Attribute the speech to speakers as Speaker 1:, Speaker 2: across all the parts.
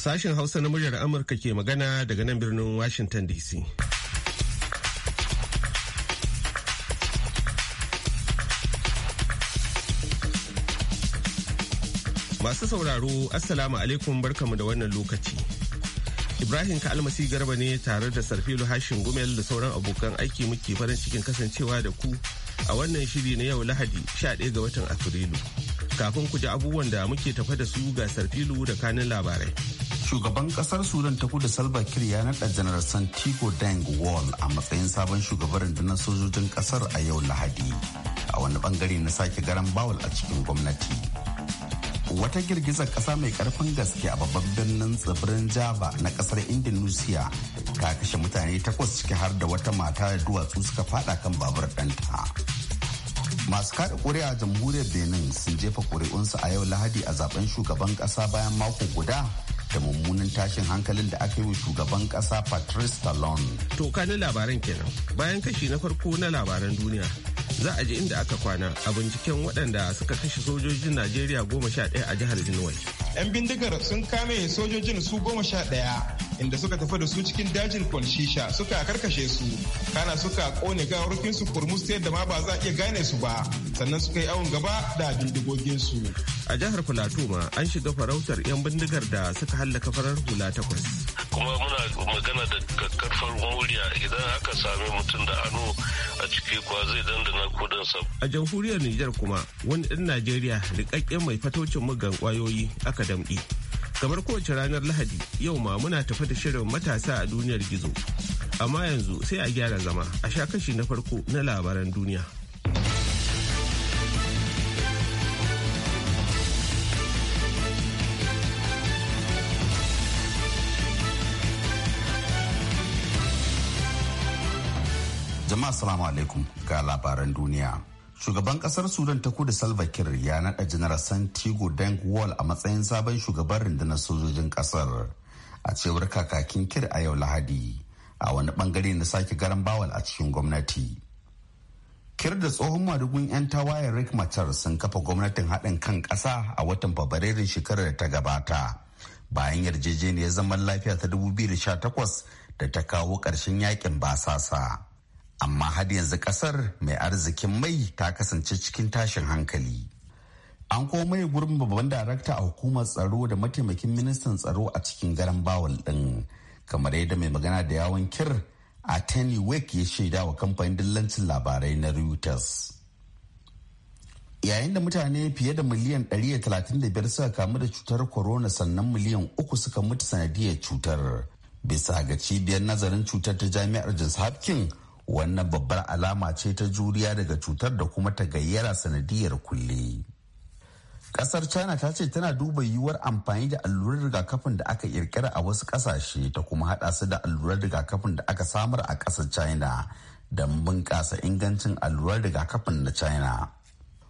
Speaker 1: Sashen Hausa na muryar Amurka ke magana daga nan birnin Washington DC. Masu sauraro, Assalamu alaikum barkamu da wannan lokaci. Ibrahim Kalmasi Garba ne tare da Sarfilu Hashin Gumel da sauran abokan aiki muke farin cikin kasancewa da ku a wannan shiri na yau Lahadi 11 ga watan Afrilu. Kafin ku ji abubuwan da muke tafa da su ga Sarfilu da kanin labarai.
Speaker 2: shugaban kasar sudan ta kudu salva kiir ya naɗa janar santigo deng wall a matsayin sabon shugaban rundunar sojojin kasar a yau lahadi a wani bangare na sake garan bawul a cikin gwamnati wata girgizar kasa mai karfin gaske a babban birnin tsibirin java na kasar indonesia ta kashe mutane takwas ciki har da wata mata da duwatsu suka fada kan babur ɗanta masu kada kuri'a a jamhuriyar benin sun jefa kuri'unsu a yau lahadi a zaben shugaban kasa bayan mako guda da mummunan tashin hankalin da aka yi wa shugaban kasa Patrice Talon.
Speaker 1: To kanin labaran kenan bayan kashi na farko na labaran duniya za a je inda aka kwana a binciken waɗanda suka kashe sojojin najeriya goma sha ɗaya a jihar benue
Speaker 3: yan bindigar sun kame sojojin su goma sha ɗaya inda suka tafi da su cikin dajin kwalshisha suka karkashe su kana suka kone gawarkin su kurmus ta yadda ma ba za a iya gane su ba sannan suka yi awon gaba da bindigogin su a jihar plateau an shiga farautar yan bindigar da suka hallaka
Speaker 1: farar hula takwas
Speaker 4: kuma muna magana da karfar murya idan aka sami mutum da ano a ciki kuwa zai dandana kudansa.
Speaker 1: A jamhuriyar Nijar kuma wani ɗan Najeriya rikakken mai fatocin mugan kwayoyi aka damɗi. Kamar kowace ranar Lahadi yau ma muna tafi da shirin matasa a duniyar gizo. Amma yanzu sai a gyara zama a sha kashi na farko na labaran duniya.
Speaker 2: Jama'a salamu alaikum ga labaran duniya. Shugaban kasar Sudan ta kudu Salva Kiir ya naɗa janar santigo Deng Wall a matsayin sabon shugaban rundunar sojojin kasar. A cewar kakakin kir a yau Lahadi a wani bangare na sake garan bawal a cikin gwamnati. Kir da tsohon madugun 'yan tawayen Rick Machar sun kafa gwamnatin haɗin kan ƙasa a watan Fabrairun shekarar da ta gabata. Bayan yarjejeniyar zaman lafiya ta 2018 da ta kawo ƙarshen yakin basasa. amma har yanzu kasar mai arzikin mai ta kasance cikin tashin hankali an kuma mai gurbin babban darakta a hukumar tsaro da mataimakin ministan tsaro a cikin garan bawal din kamar yadda mai magana da yawon kir a tani wake ya shaida wa kamfanin dillancin labarai na reuters yayin da mutane fiye da miliyan 135 suka kamu da cutar corona sannan miliyan uku suka mutu sanadiyar cutar bisa ga cibiyar nazarin cutar ta jami'ar johns hopkins wannan babbar alama ce ta juriya daga cutar da kuma ta gayyara sanadiyar kulle. kasar china ta ce tana duba yiwuwar amfani da allurar rigakafin da aka kirkira a wasu kasashe ta kuma hada su da allurar rigakafin da aka samar a kasar china don bunkasa ingancin allurar rigakafin na china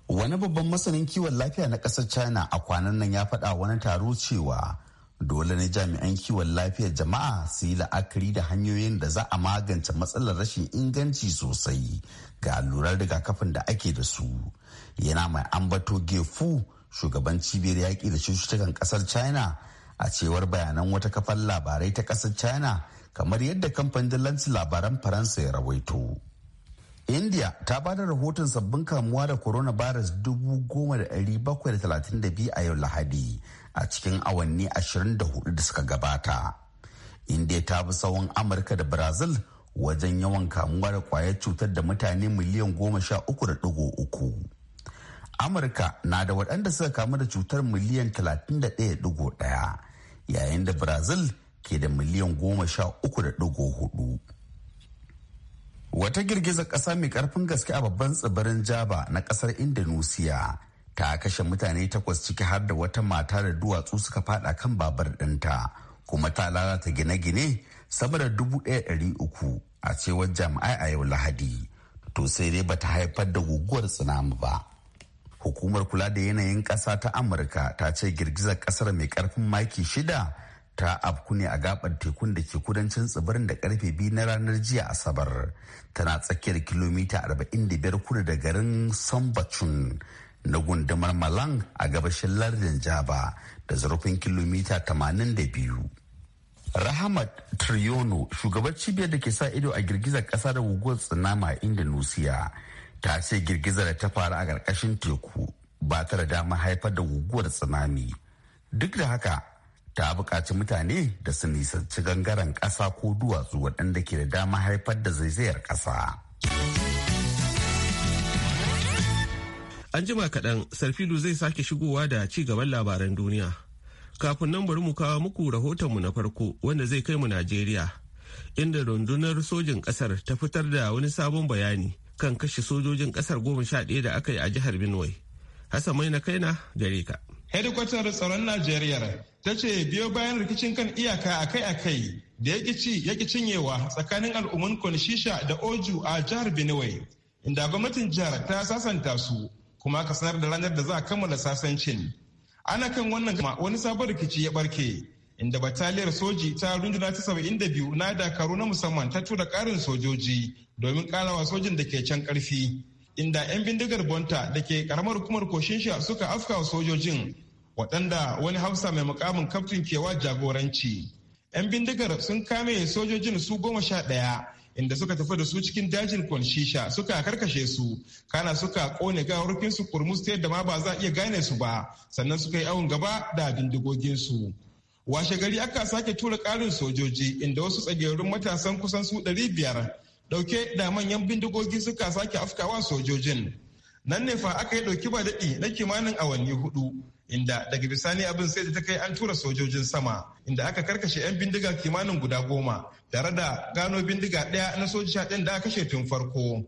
Speaker 2: wani babban masanin kiwon lafiya na kasar china a kwanan nan ya faɗa wani taro cewa dole ne jami'an kiwon lafiyar jama'a su yi la'akari da hanyoyin da za a magance matsalar rashin inganci sosai ga allurar rigakafin da ake da su yana mai ambato gefu shugaban cibiyar yaƙi da cututtukan ƙasar china a cewar bayanan wata kafar labarai ta ƙasar china kamar yadda kamfanin labaran faransa ya rawaito india ta ba da rahoton sabbin kamuwa da coronavirus 1732 a yau lahadi a cikin awanni 24 da suka gabata inda ta bi tsawon amurka da brazil wajen yawan kamuwa da kwayar cutar da mutane miliyan goma sha uku da digo uku amurka na da waɗanda suka kamu da cutar miliyan talatin da 31.1 yayin da brazil ke da miliyan goma sha uku da digo hudu wata girgizar ƙasa mai ƙarfin gaske a babban tsibirin jaba na ƙasar indonesia ta kashe mutane takwas ciki har da wata mata da duwatsu suka fada kan babar ɗinta kuma ta lalata gine-gine sama da dubu ɗaya ɗari uku a cewar jami'ai a yau lahadi to sai dai bata haifar da guguwar tsunami ba hukumar kula da yanayin ƙasa ta amurka ta ce girgizar ƙasar mai ƙarfin maki shida ta afku ne a gabar tekun da ke kudancin tsibirin da karfe biyu na ranar jiya asabar tana tsakiyar kilomita 45 kudu da garin sambacun na gundumar Malang a gabashin lardin Jaba da zurfin kilomita 82. Rahamat Triono, shugabar cibiyar da ke sa ido a girgizar kasa da guguwar tsunami a Indonesia, ta ce girgizar da ta faru a ƙarƙashin teku ba ta da damar haifar da guguwar tsunami. Duk da haka, ta buƙaci mutane da su nisanci gangaren ƙasa ko duwatsu waɗanda ke da damar haifar da zaizayar
Speaker 1: ƙasa. An jima kaɗan Sarfilu zai sake shigowa da ci gaban labaran duniya. Kafin nan bari mu kawo muku rahotonmu na farko wanda zai kai mu Najeriya. Inda rundunar sojin ƙasar ta fitar da wani sabon bayani kan kashe sojojin ƙasar goma sha ɗaya da aka yi a jihar Benue.
Speaker 3: Hassan Mai na kaina gare ka. hedikwatar tsaron najeriya ta ce biyo bayan rikicin kan iyaka akai-akai da yaki cinyewa tsakanin al'umman kwanishisha da oju a jihar benue inda gwamnatin jihar ta sasanta su kuma aka sanar da ranar da za a kammala sasancin ana kan wannan kama wani sabon rikici ya barke inda bataliyar soji ta runduna ta saba'in da biyu na dakaru na musamman ta tura karin sojoji domin karawa sojin da ke can karfi inda 'yan bindigar bonta da ke karamar hukumar koshinsha suka afkawa sojojin waɗanda wani hausa mai mukamin kaftin kewa jagoranci 'yan bindigar sun kame sojojin su goma sha ɗaya inda suka tafi da su cikin dajin kwalshisha suka karkashe su kana suka kone gawarkin su kurmus ta yadda ma ba za a iya gane su ba sannan suka yi awon gaba da bindigogin su washe gari aka sake tura karin sojoji inda wasu tsagerun matasan kusan su 500 dauke da manyan bindigogi suka sake afkawa sojojin nan ne fa aka yi dauki ba daɗi na kimanin awanni hudu inda daga bisani abin sai da ta kai an tura sojojin sama inda aka karkashe 'yan bindiga kimanin guda goma tare da gano bindiga ɗaya na soja ɗin da kashe tun farko.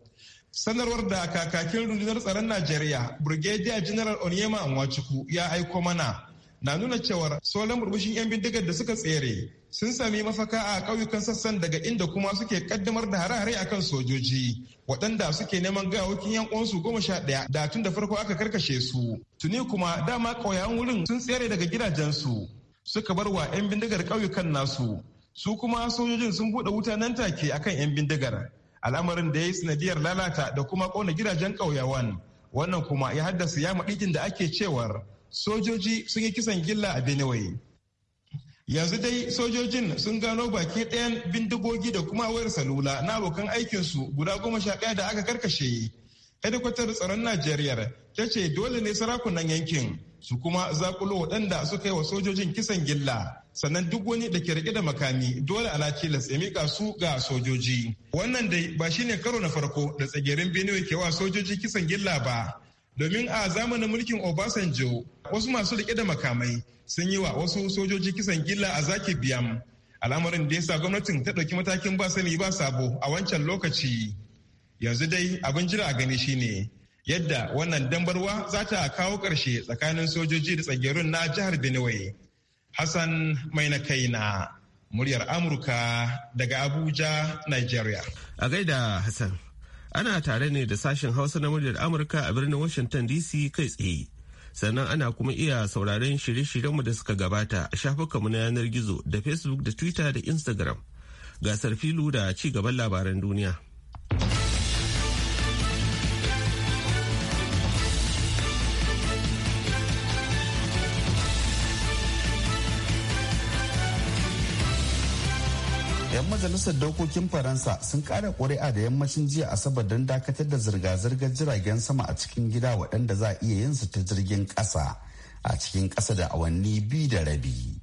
Speaker 3: Sanarwar da kakakin rundunar tsaron Najeriya, Brigadier General Onyema Anwachukwu ya aiko mana na nuna cewa sauran burbushin 'yan bindigar da suka tsere sun sami mafaka a ƙauyukan sassan daga inda kuma suke kaddamar da hare-hare akan sojoji waɗanda suke neman gawakin 'yan uwansu goma sha ɗaya da tun da farko aka karkashe su tuni kuma dama ƙauyen wurin sun tsere daga gidajensu suka bar wa 'yan bindigar ƙauyukan nasu su kuma sojojin sun buɗe wuta nan take akan 'yan bindigar al'amarin da ya yi sanadiyar lalata da kuma kona gidajen ƙauyawan wannan kuma ya haddasa ya maɗikin da ake cewar sojoji sun yi kisan gilla a benue yanzu dai sojojin sun gano baki ɗayan bindigogi da kuma wayar salula na abokan aikinsu guda goma sha ɗaya da aka karkashe hedikwatar tsaron najeriya ta ce dole ne sarakunan yankin su kuma zakulo waɗanda suka yi wa sojojin kisan gilla sannan duk wani da ke rike da makami dole a tilas ya mika su ga sojoji wannan dai ba shine karo na farko da tsagerin benue ke wa sojoji kisan gilla ba domin a zamanin mulkin obasanjo wasu masu rike da makamai sun yi wa wasu sojoji kisan gilla a zaki biyam al'amarin da ya sa gwamnatin ta ɗauki matakin ba sani ba sabo a wancan lokaci yanzu dai abin jira a gani shine yadda wannan dambarwa za ta kawo ƙarshe tsakanin sojoji da tsagerun na jihar benue hassan mai na kaina muryar amurka daga abuja nigeria a gaida
Speaker 1: hassan ana tare ne da sashen hausa na muryar amurka a birnin washington dc kai tsaye sannan ana kuma iya sauraron shirye-shiryenmu da suka gabata a shafukanmu na yanar gizo da facebook da twitter da instagram gasar filu da ci gaban labaran duniya.
Speaker 2: majalisar dokokin faransa sun kara ƙuri'a da yammacin jiya asabar don dakatar da zirga-zirgar jiragen sama a cikin gida waɗanda za a iya yin su ta jirgin ƙasa a cikin ƙasa da awanni biyu da rabi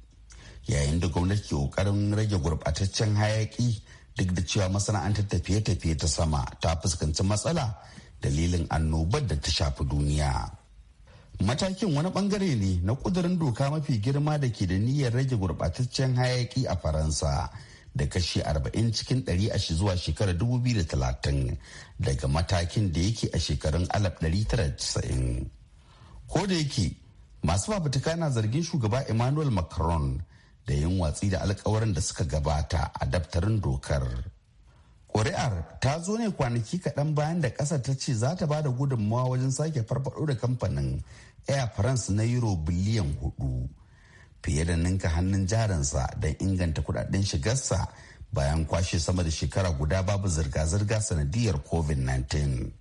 Speaker 2: yayin da gwamnati ke ƙoƙarin rage gurbataccen hayaƙi duk da cewa masana'antar tafiye-tafiye ta sama ta fuskanci matsala dalilin annobar da ta shafi duniya. Matakin wani bangare ne na kudurin doka mafi girma da ke da niyyar rage gurbataccen hayaƙi a Faransa da kashi 40 cikin 100 a zuwa shekarar 2030 daga matakin da yake a shekarun 1990. Ko da yake masu fafutuka na zargin shugaba Emmanuel Macron da yin watsi da alkawarin da suka gabata a daftarin dokar. Ƙuri'ar ta zo ne kwanaki kaɗan bayan da ƙasar ta ce za ta ba da gudunmawa wajen sake farfaɗo da kamfanin Air France na Euro biliyan hudu. fiye da ninka hannun jarinsa don inganta kudaden shigarsa bayan kwashe sama da shekara guda babu zirga-zirga sanadiyar covid-19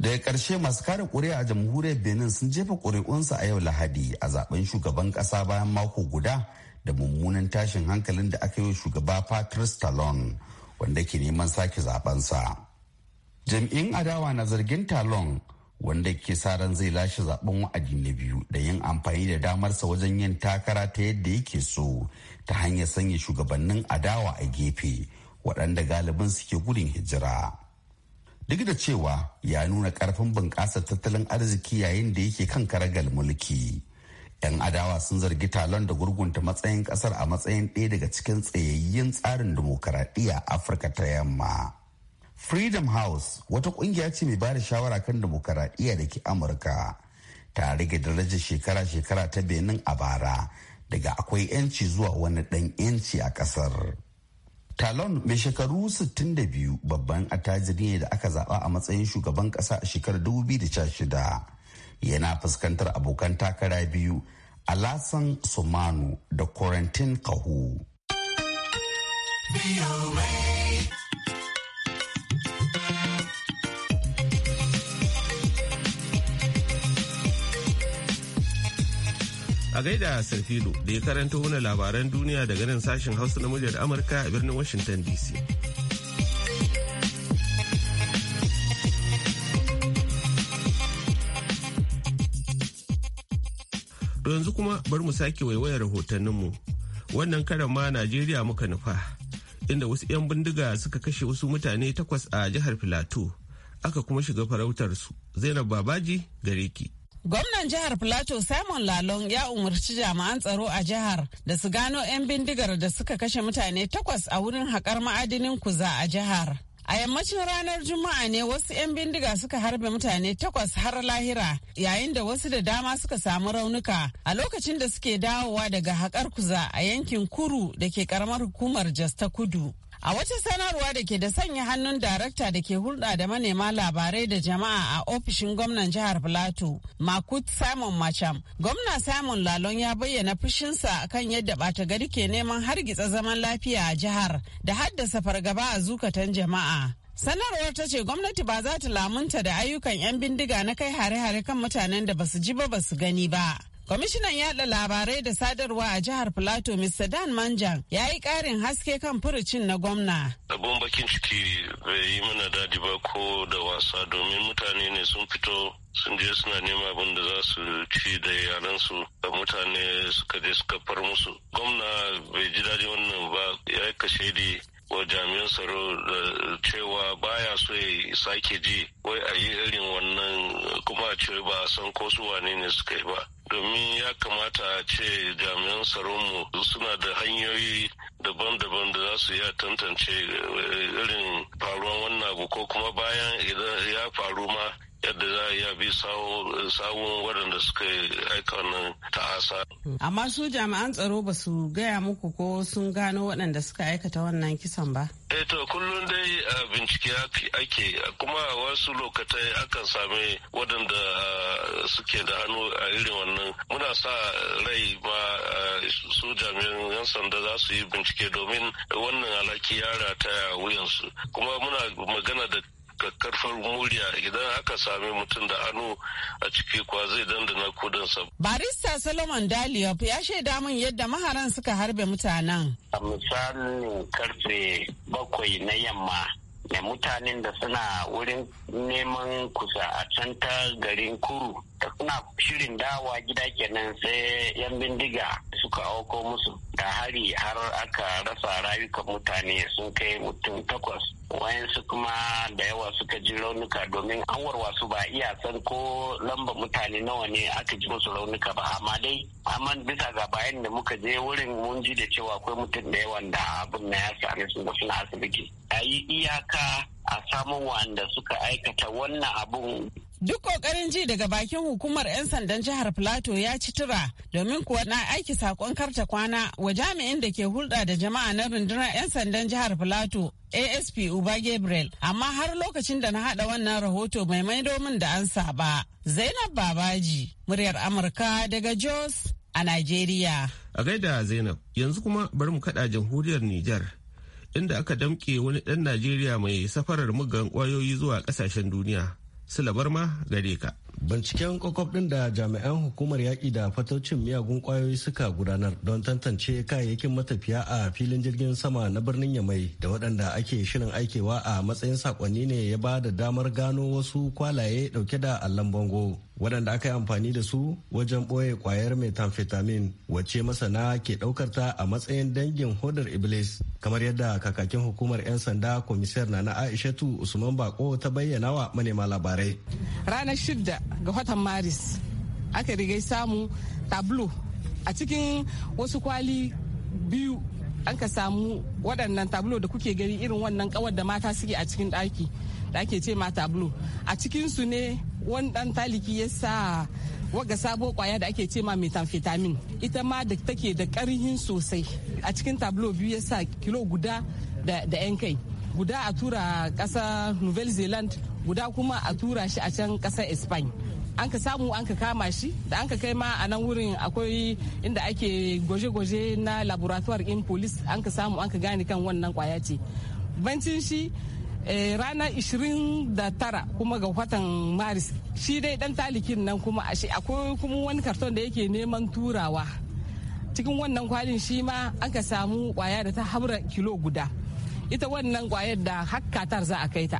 Speaker 2: daga ƙarshe masu kare ƙuri'a a jamhuriyar benin sun jefa ƙuri'unsa a yau lahadi a zaben shugaban ƙasa bayan mako guda da mummunan tashin hankalin da aka yi shugaba patrice talon wanda ke neman sake zabensa jam'in adawa na zargin talon wanda ke sa ran zai lashe zaben wa'adi na biyu da yin amfani da damarsa wajen yin takara ta yadda yake so ta hanyar sanya shugabannin adawa a gefe waɗanda galibin suke gudun hijira duk da cewa ya nuna ƙarfin bunƙasar tattalin arziki yayin da yake kan karagal mulki 'yan adawa sun zargi talon da gurgunta matsayin ƙasar a matsayin ɗaya daga cikin tsayayyen tsarin dimokuraɗiyya afirka ta yamma freedom house wata kungiya ce mai bada shawara kan demokaradiyya da ke amurka ta rage darajar shekara-shekara ta benin a bara daga akwai 'yanci zuwa wani ɗan 'yanci a ƙasar. talon mai shekaru 62 babban attajiri ne da aka zaɓa a matsayin shugaban ƙasa a shekarar 2016 yana fuskantar abokan takara biyu alasan sumanu da quarantine kahu.
Speaker 1: A gaida Sarfilo da ya karanta huna labaran duniya daga nan sashen Hausa na muryar Amurka a birnin Washington DC. yanzu kuma bar mu sake waiwaya rahotanninmu wannan karan ma najeriya muka nufa inda wasu 'yan bindiga suka kashe wasu mutane takwas a jihar filato aka kuma shiga farautar su zainab babaji gare ki
Speaker 5: Gwamnan jihar Plateau Simon Lalong ya umarci jama'an tsaro a jihar da su gano 'yan bindigar da suka kashe mutane takwas a wurin haƙar ma'adinin kuza a jihar. A yammacin ranar Juma'a ne wasu 'yan bindiga suka harbe mutane takwas har lahira yayin da wasu da dama suka samu raunuka a lokacin da suke dawowa daga haƙar kuza a yankin Kuru da ke ƙaramar hukumar Jos ta Kudu. A wata sanarwa da ke da sanya hannun darakta da ke hulɗa da manema labarai da jama'a a ofishin gwamnan jihar Filato, Makut Simon Macham, gwamna Simon Lalon ya bayyana fushinsa kan yadda ɓata gari ke neman hargitsa zaman lafiya a jihar da haddasa fargaba a zukatan jama'a. sanarwar ta ce gwamnati ba za ta lamunta da ayyukan 'yan bindiga na kai hare-hare kan mutanen da basu ji ba basu gani ba Kwamishinan yaɗa labarai da sadarwa a jihar Filato Mr. Dan Manjan ya yi ƙarin haske kan furucin na gwamna.
Speaker 4: Abun bakin ciki bai yi mana dadi ba ko da wasa domin mutane ne sun fito sun je suna nema abin da za su ci da yaransu da mutane suka je suka far musu. Gwamna bai ji daji wannan ba ya yi kashe wa jami'an tsaro da cewa baya so ya sake ji wai a yi irin wannan kuma a ce ba a san ko su wane ne suka yi ba domin ya kamata a ce jami'an mu suna da hanyoyi daban-daban da za su iya tantance eh, irin faruwan wannan abu ko kuma bayan idan ya faru ma yadda za a bi sawun waɗanda suka aika wannan ta'asa.
Speaker 5: Amma su jami'an tsaro ba su gaya muku ko sun gano waɗanda suka aikata wannan kisan ba?
Speaker 4: Eh to kullum dai bincike ake kuma wasu lokatai akan sami waɗanda ah, suke da hannu a irin wannan. Muna sa rai ba ah, su jami'an yan sanda za su yi bincike domin wannan alaki ya rataya wuyansu. Kuma muna magana da karfar murya idan aka sami mutum da hannu a ciki kwa zai dandana kudansa.
Speaker 5: Barista Solomon Daliop ya shaida min yadda maharan suka harbe mutanen.
Speaker 4: A misalin karfe bakwai na yamma da mutanen
Speaker 6: da suna wurin neman kusa a can ta garin kuru da suna shirin dawa gida kenan sai yan bindiga suka auko musu da hari har aka rasa rayukan mutane sun kai mutum takwas wayansu kuma da yawa suka ji raunuka domin an warwasu ba iya san ko lamba mutane nawa ne aka ji musu raunuka ba amma dai amma bisa ga bayan da muka je wurin mun ji da cewa akwai mutum da yawan da abin na ya same su da suna asibiti a yi iyaka a samun wanda suka aikata wannan abun
Speaker 5: Duk ƙoƙarin ji daga bakin hukumar 'yan sandan jihar Plateau ya ci tura domin kuwa na aiki sakon karta kwana wa jami'in da ke hulɗa da jama'a na rundunar 'yan sandan jihar Plateau ASP Uba Gabriel amma har lokacin da na haɗa wannan rahoto mai maido min da an saba. Zainab Babaji, muryar Amurka daga Jos a Najeriya.
Speaker 1: A gaida Zainab, yanzu kuma bari mu kaɗa jamhuriyar Nijar. Inda aka damƙe wani ɗan Najeriya mai safarar mugan ƙwayoyi zuwa ƙasashen duniya. Silabar ma gare ka.
Speaker 6: Binciken kwakwab ɗin da jami'an hukumar yaƙi da fatocin miyagun ƙwayoyi suka gudanar don tantance kayayyakin matafiya a filin jirgin sama na birnin Yamai da waɗanda ake shirin aikewa a matsayin saƙonni ne ya ba da damar gano wasu kwalaye ɗauke da allon bango. waɗanda aka yi amfani da su wajen ɓoye ƙwayar methamphetamine wacce masana ke ɗaukar ta a matsayin dangin hodar iblis kamar yadda kakakin hukumar 'yan sanda komisar na na aishatu usman bako ta bayyana wa manema labarai
Speaker 7: ranar shidda ga watan maris aka riga samu tablo a cikin wasu kwali biyu an ka samu waɗannan tablo da kuke gani irin wannan kawar da mata suke a cikin ɗaki da ake ce mata tablo a cikinsu ne wani dan taliki ya sa waga sabo kwaya da ake ce ma methamphetamine ita ma da take da karhin sosai a cikin tablo biyu ya sa kilo guda da 'yan kai guda a tura kasa novel zealand guda kuma a tura shi a can kasa spain an ka samu an ka kama shi da an ka kai ma a nan wurin akwai inda ake gwaje-gwaje na laboratoire in police an ka samu an ka gane kan wannan kwaya ce bancin shi Eh, ranar 29 kuma ga watan maris shi dai dan talikin nan kuma akwai kuma wani karton da yake neman turawa cikin wannan kwalin shi ma aka samu kwaya da ta haura kilo guda ita wannan kwayar da tar za a kai ta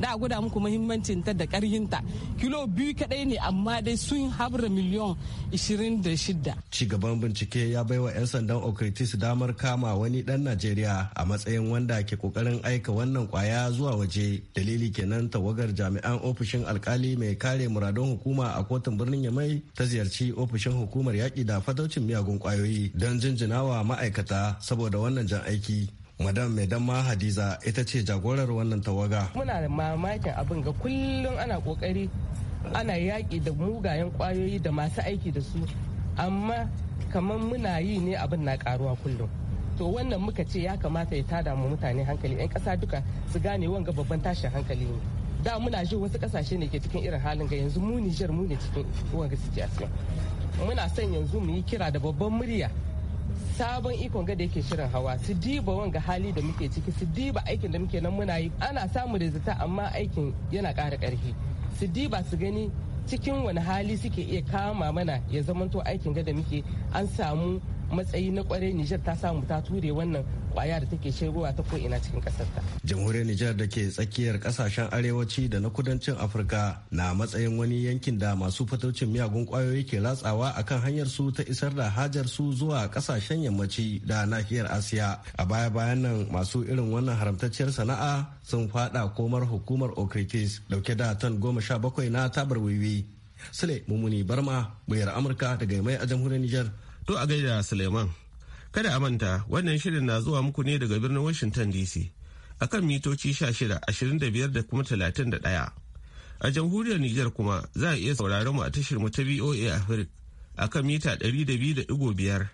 Speaker 7: da a gwada muku muhimmancin ta da karhinta kilo biyu kadai ne amma dai sun habra miliyon 26
Speaker 6: ci gaban bincike ya bai wa 'yan sandan okritis damar kama wani dan najeriya a matsayin wanda ke kokarin aika wannan kwaya zuwa waje dalili kenan tawagar jami'an ofishin alkali mai kare muradun hukuma a kotun birnin yamai ta ziyarci ofishin hukumar yaƙi da fataucin miyagun kwayoyi don jinjinawa ma'aikata saboda wannan jan aiki madam mai damma hadiza ita ce jagorar wannan tawaga
Speaker 7: muna da mamakin abin ga kullum ana kokari ana yaƙi da mugayen ƙwayoyi da masu aiki da su amma kamar muna yi ne abin na karuwa kullum to wannan muka ce ya kamata ya tada mu mutane hankali 'yan ƙasa duka su gane wanga babban tashin hankali ne da muna jin wasu ƙasashe ne ke cikin irin halin ga yanzu mu Nijar mu ne cikin wanga suke muna son yanzu mu yi kira da babban murya sabon ikon ga da yake shirin hawa su diba wanga hali da muke ciki su diba aikin da muke nan muna yi ana samun rizita amma aikin yana kara ƙarfi su diba su gani cikin wani hali suke iya kama mana ya zamanto aikin ga da muke an samu matsayi na kwarai Nijar ta samu ta ture wannan kwaya da take shigowa ta ko ina cikin kasar ta.
Speaker 6: Jamhuriyar Nijar da ke tsakiyar kasashen arewaci da na kudancin Afirka na matsayin wani yankin da masu fataucin miyagun kwayoyi ke latsawa akan hanyar su ta isar da hajar su zuwa kasashen yammaci da nahiyar Asiya. A baya bayan nan masu irin wannan haramtacciyar sana'a sun fada komar hukumar Okritis dauke da tan goma sha bakwai na tabar wiwi. Sule Mumuni Barma, Bayar Amurka daga mai a jamhuriyar Nijar. To a gaida Suleiman. Kada a
Speaker 1: manta wannan shirin na zuwa muku ne daga birnin Washington DC a kan mitoci 16, da kuma 31. A jamhuriyar Nijar kuma za a iya sauraron mu a tashar mu ta VOA Africa kan mita 200.5.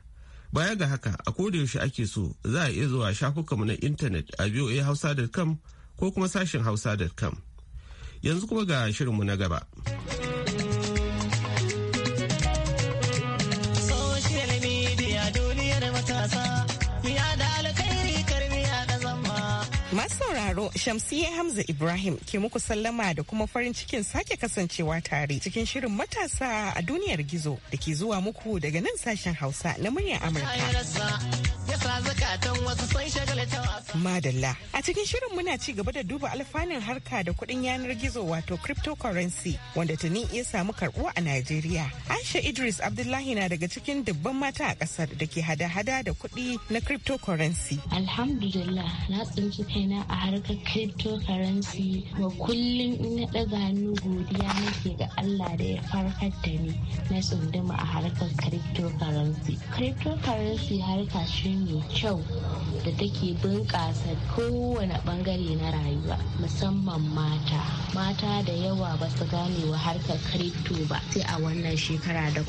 Speaker 1: Baya ga haka a yaushe ake so za a iya zuwa shafukanmu na intanet a voahausa.com ko kuma sashin hausa.com. Yanzu kuma ga shirinmu na gaba.
Speaker 8: sauraro Shamsiyya Hamza Ibrahim ke muku sallama da kuma farin cikin sake kasancewa tare cikin shirin matasa a duniyar gizo da ke zuwa muku daga nan sashen Hausa na muryar Amurka.
Speaker 9: matasa zakatan wasu sun
Speaker 8: Madalla. A cikin shirin muna ci gaba da duba alfanun harka da kuɗin yanar gizo wato cryptocurrency wanda tuni iya samu karbuwa a Najeriya. Aisha Idris Abdullahi na daga cikin dubban mata a ƙasar da ke hada-hada da kuɗi na cryptocurrency.
Speaker 9: Alhamdulillah na tsinci kaina a harkar cryptocurrency wa kullum in na ɗaga hannu godiya nake ga Allah da ya farkar da ni na tsunduma a harkar cryptocurrency. Cryptocurrency harka shi ne mai kyau da take bunƙasa kowane ɓangare na rayuwa musamman mata mata da yawa ba su gane wa harkar kripto ba sai a wannan shekara da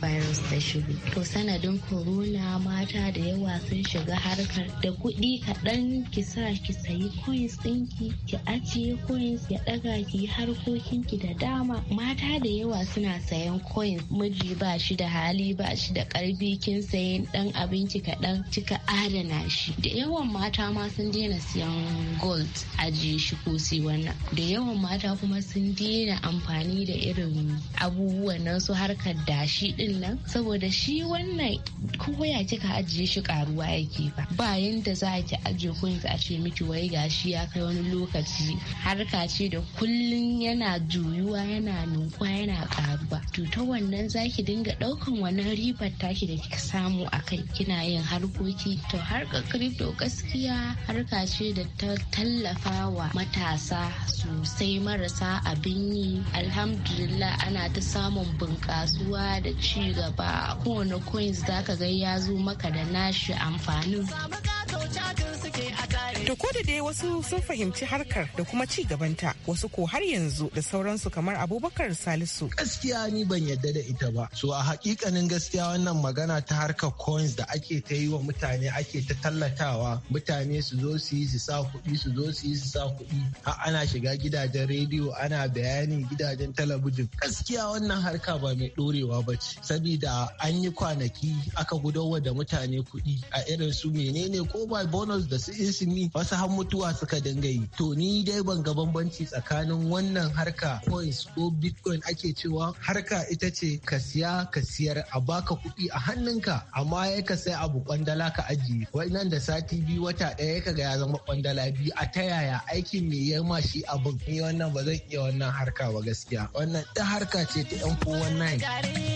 Speaker 9: virus ta shigo to sanadin corona mata da yawa sun shiga harkar da kuɗi kaɗan ki sa ki sayi coins ɗinki ki ajiye coins ya ɗaga ki harkokin ki da dama mata da yawa suna sayan coins miji ba shi da hali ba shi da ƙarfi kin sayi ɗan abinci kaɗan kika adana shi da yawan mata ma sun daina siyan gold ajiye shi ko sai wannan da yawan mata kuma sun daina amfani da irin abubuwan nan su harkar dashi din nan saboda shi wannan kowa ya kika ajiye shi karuwa yake ba ba yanda za ki ajiye ko a ce miki wai gashi ya kai wani lokaci harka ce da kullun yana juyuwa yana nunkwa yana karuwa to ta wannan zaki dinga daukan wannan ribar taki da kika samu akai kina yin harko harkoki to harka crypto gaskiya harka ce da ta tallafa wa matasa sosai marasa abin yi alhamdulillah ana ta samun bunkasuwa da ci gaba kowane coins zaka ga ya zo maka da nashi amfanin
Speaker 5: To
Speaker 8: ko da dai wasu sun fahimci harkar da kuma ci gabanta wasu ko har yanzu da sauransu kamar abubakar salisu. Gaskiya ni ban yadda
Speaker 6: da ita ba. So a hakikanin gaskiya wannan magana ta harkar coins da ake ta yi wa mutane ake ta tallatawa mutane su zo su yi su sa kuɗi su zo su yi su sa kuɗi har ana shiga gidajen rediyo ana bayani gidajen talabijin. Gaskiya wannan harka ba mai ɗorewa ba ce. Sabida an yi kwanaki aka gudowa da mutane kuɗi a irin su menene ko ba bonus da su masu isimi wasu har mutuwa suka dinga yi to ni dai ban ga bambanci tsakanin wannan harka coins ko bitcoin ake cewa harka ita ce ka siya ka siyar a baka kuɗi a hannunka amma ya ka sai abu kwandala ka ajiye nan da sati biyu wata ɗaya ka ga ya zama kwandala biyu a ta yaya aikin me ya ma shi abin ni wannan ba zan iya wannan harka ba gaskiya wannan ta harka ce ta yan 419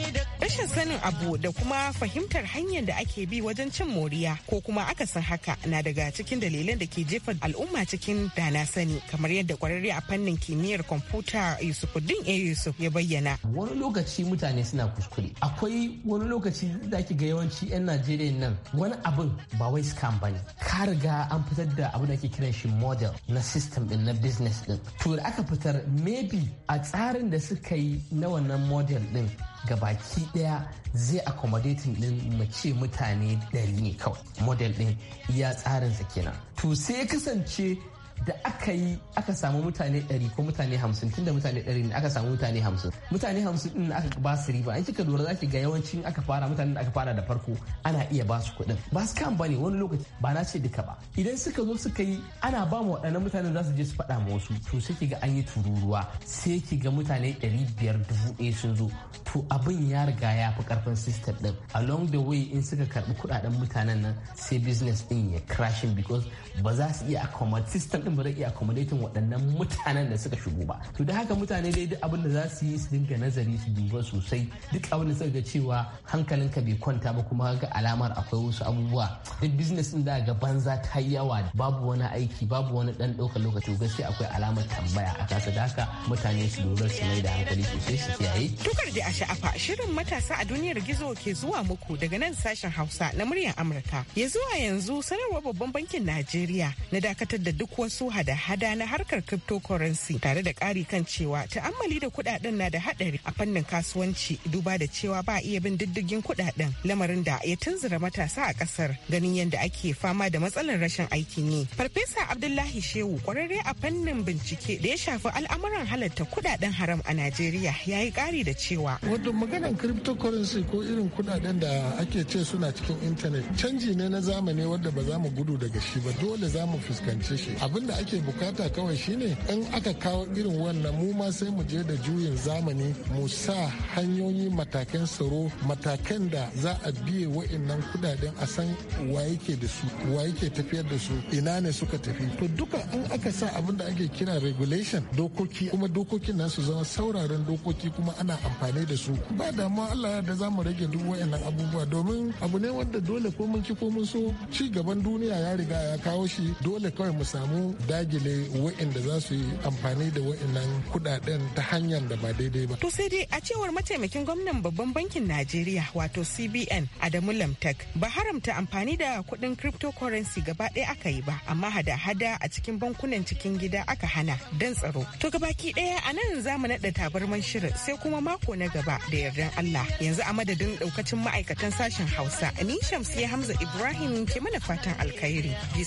Speaker 8: rashin sanin abu da kuma fahimtar hanyar da ake bi wajen cin moriya ko kuma akasin haka na daga cikin dalilan da ke jefa al'umma cikin dana sani kamar yadda kwararre a fannin kimiyyar kwamfuta yusufuddin a yusuf ya bayyana wani lokaci
Speaker 10: mutane suna kuskure akwai wani lokaci da ake ga yawanci 'yan najeriya nan wani abin ba wai scam bane ka riga an fitar da abin da ake kiran shi model na system din na business din to da aka fitar maybe a tsarin da suka yi na wannan model din baki daya zai accommodating din mace mutane ɗari ne kawai model din iya tsarinsa kenan to sai kasance da aka yi aka samu mutane 100 ko mutane 50 tunda mutane 100 ne aka samu mutane 50 mutane 50 din aka ba su riba an kika lura zaki ga yawancin aka fara mutanen da aka fara da farko ana iya ba su kuɗin ba su kan bane wani lokaci ba na ce duka ba idan suka zo suka yi ana ba mu waɗannan mutanen za su je su faɗa ma wasu to sai ki ga an yi tururuwa sai ki ga mutane 500 dubu ɗaya sun zo to abin ya riga ya fi karfin system din along the way in suka karbi kuɗaɗen mutanen nan sai business din ya crashing because ba za su iya accommodate system din ba zai iya accommodating waɗannan mutanen da suka shigo ba to da haka mutane dai duk abin da za su yi su dinga nazari su duba sosai duk abin da suka ga cewa hankalinka bai kwanta ba kuma ga alamar akwai wasu abubuwa duk business din da ga banza ta yi yawa babu wani aiki babu wani dan ɗaukar lokaci gaskiya akwai
Speaker 8: alamar tambaya a kasa da haka mutane su lura su mai da hankali sosai su kiyaye tukar da a sha'afa shirin matasa a duniyar gizo ke zuwa muku daga nan sashen hausa na muryar amurka ya zuwa yanzu sanarwar babban bankin najeriya na dakatar da duk wasu masu da hada na harkar cryptocurrency tare da ƙari kan cewa ta'ammali da kuɗaɗen na da haɗari a fannin kasuwanci duba da cewa ba iya bin diddigin kuɗaɗen lamarin da ya tunzura matasa a ƙasar ganin yadda ake fama da matsalar rashin aiki ne. Farfesa Abdullahi Shehu kwararre a fannin bincike da ya shafi al'amuran halarta kuɗaɗen haram a Najeriya ya yi ƙari da cewa. Wato
Speaker 3: maganar cryptocurrency ko irin kudaden da ake ce suna cikin intanet canji ne na zamani wanda ba za mu gudu daga shi ba dole za mu fuskanci shi abinda da ake bukata kawai shine in aka kawo irin wannan mu ma sai mu je da juyin zamani mu sa hanyoyi matakan tsaro matakan da za a biye wa'annan kudaden a san wa yake da su wa yake tafiyar da su ina ne suka tafi to duka in aka sa abin da ake kira regulation dokoki kuma dokokin nan su zama sauraron dokoki kuma ana amfani da su ba damuwa Allah da zamu rage duk wa'annan abubuwa domin abu ne wanda dole ko mun ki ko mun so ci gaban duniya ya riga ya kawo shi dole kawai mu samu dagile wa'inda za su yi amfani da wa'innan kudaden ta hanyar da ba daidai ba. To sai dai a cewar mataimakin
Speaker 8: gwamnan babban bankin Najeriya wato CBN Adamu Lamtak ba haramta amfani da kuɗin cryptocurrency gaba ɗaya aka yi ba amma hada-hada a cikin bankunan cikin gida aka hana don tsaro. To gabaki ɗaya a nan za mu naɗa tabarman shirin sai kuma mako na gaba da yardan Allah yanzu a madadin ɗaukacin ma'aikatan sashen Hausa ni Shamsiyya Hamza Ibrahim ke mana fatan alkhairi. Bi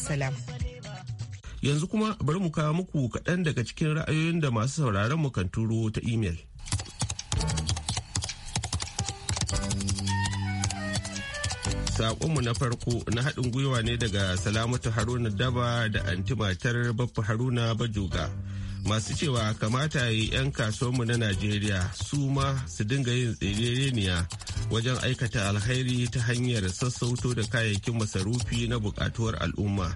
Speaker 1: Yanzu kuma bari mu kawo muku kaɗan daga cikin ra'ayoyin da masu sauraron mu kan turo ta imel. Saƙonmu na farko na haɗin gwiwa ne daga Salamatu Haruna Daba da antimatar Baffa Haruna Bajoga. masu cewa kamata yi 'yan kasuwanmu na najeriya su ma su dinga yin tsereniya wajen aikata alhairi ta hanyar sassauto da kayayyakin masarufi na buƙatuwar al'umma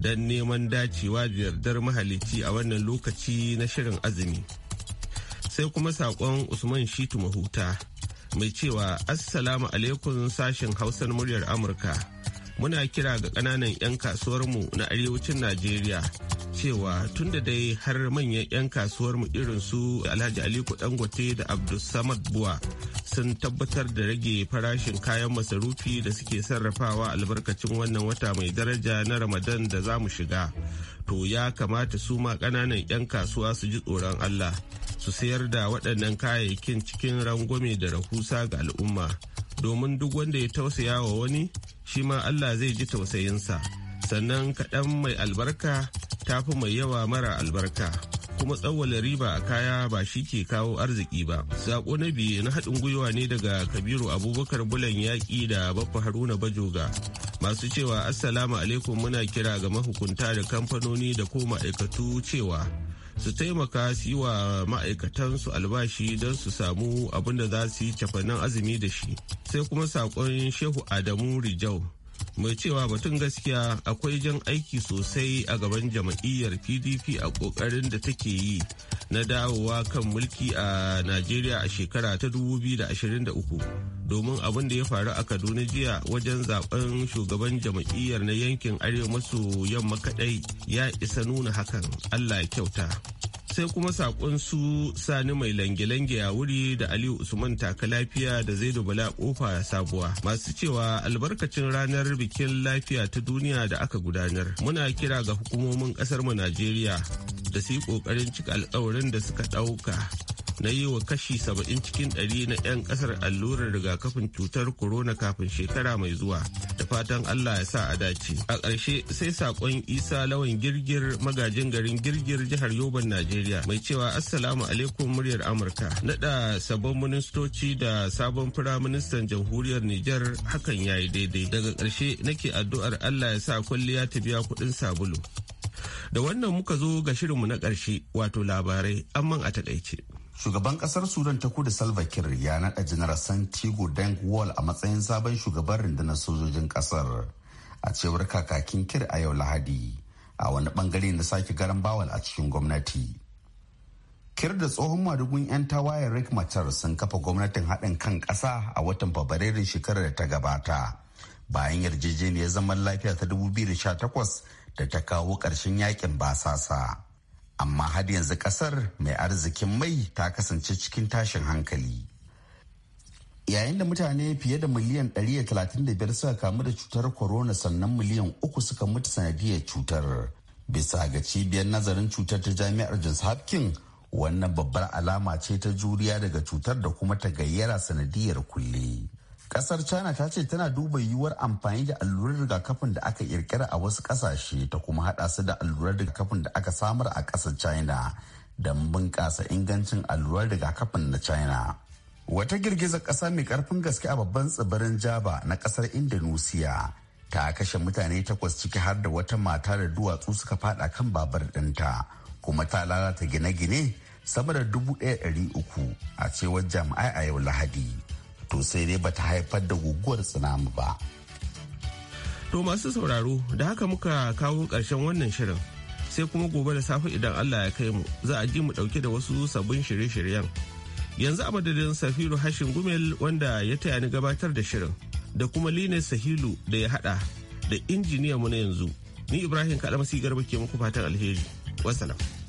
Speaker 1: don neman dacewa da yardar mahalici a wannan lokaci na shirin azumi. Sai kuma saƙon Usman Shitu Mahuta mai cewa Assalamu alaikum sashen Hausar muryar Amurka. Muna kira ga ƙananan 'yan kasuwarmu na arewacin Najeriya cewa tun da dai har manyan 'yan kasuwar mu irin su Alhaji Aliko Dangote da Abdulsamad Buwa sun tabbatar da rage farashin kayan masarufi da suke sarrafawa albarkacin wannan wata mai daraja na Ramadan da za mu shiga. To ya kamata su ma kananan 'yan kasuwa su ji tsoron Allah su sayar da waɗannan kayayyakin cikin rangwame da rahusa ga al'umma domin duk wanda ya tausaya wa wani shi ma Allah zai ji tausayinsa. sannan kaɗan mai albarka ta fi mai yawa mara albarka kuma tsawwala riba a kaya ba shi ke kawo arziki ba sako na biyu na haɗin gwiwa ne daga kabiru abubakar bulan yaƙi da baffa haruna bajoga masu cewa assalamu alaikum muna kira ga mahukunta da kamfanoni da ko ma'aikatu cewa su taimaka su yi wa ma'aikatansu albashi don su samu abin da za su yi cafanin azumi da shi sai kuma saƙon shehu adamu rijau mai cewa batun gaskiya akwai jan aiki sosai a gaban jam'iyyar pdp a kokarin da take yi na dawowa kan mulki a najeriya a shekara ta 2023 domin abin da ya faru a kaduna jiya wajen zaben shugaban jam'iyyar na yankin arewa maso yamma kadai ya isa nuna hakan allah ya kyauta sai kuma sakon su sani mai lange-lange ya wuri da aliyu usman taka lafiya da zaidu bala kofa sabuwa masu cewa albarkacin ranar bikin lafiya ta duniya da aka gudanar muna kira ga hukumomin kasar mu najeriya da su yi kokarin cika alkawarin da suka ɗauka. na yi wa kashi saba'in cikin 100 na 'yan kasar allurar rigakafin cutar corona kafin shekara mai zuwa da fatan allah ya sa a dace a ƙarshe sai saƙon isa lawan girgir magajin garin girgir jihar yoban najeriya mai cewa assalamu alaikum muryar amurka naɗa sabon ministoci da sabon firaministan jamhuriyar Niger hakan ya yi daidai daga ƙarshe nake addu'ar allah ya sa kwalliya ta biya kuɗin sabulu da wannan muka zo ga shirinmu na ƙarshe wato labarai amman a taƙaice. shugaban kasar sudan ta kudu salva kiir ya naɗa janar
Speaker 2: santiago deng wall a matsayin sabon shugaban rundunar sojojin kasar a cewar kakakin kir a yau lahadi a wani bangare na sake garan bawal a cikin gwamnati kir da tsohon madugun 'yan tawayen rick matar sun kafa gwamnatin haɗin kan ƙasa a watan fabrairun shekarar da ta gabata bayan yarjejeniyar zaman lafiya ta 2018 da ta kawo ƙarshen yakin basasa. amma har yanzu kasar mai arzikin mai ta kasance cikin tashin hankali yayin da mutane fiye da miliyan 135 suka kamu da cutar corona sannan miliyan uku suka mutu sanadiyar cutar bisa ga cibiyar nazarin cutar ta jami'ar johns hopkins wannan babbar alama ce ta juriya daga cutar da kuma ta gayyara sanadiyar kulle Kasar China ta ce tana duba yiwuwar amfani da allurar rigakafin da aka kirkira a wasu kasashe ta kuma hada su da allurar rigakafin da aka samar a kasar China don bunƙasa ingancin allurar rigakafin na China. Wata girgizar kasa mai karfin gaske a babban tsibirin jaba na kasar Indonesia ta kashe mutane takwas ciki har da wata mata da duwatsu suka fada kan babar dinta kuma ta lalata gine-gine sama da dubu uku a cewar jami'ai a yau Lahadi. to sai dai bata haifar da guguwar tsunami ba.
Speaker 1: To masu sauraro da haka muka kawo ƙarshen wannan shirin sai kuma gobe da safe idan Allah ya kai mu za a ji mu ɗauke da wasu sabbin shirye-shiryen. Yanzu a madadin Safiru Hashin Gumel wanda ya taya ni gabatar da shirin da kuma Line Sahilu da ya hada da injiniya mu na yanzu. Ni Ibrahim Kalamasi Garba ke muku fatan alheri. Wasalam.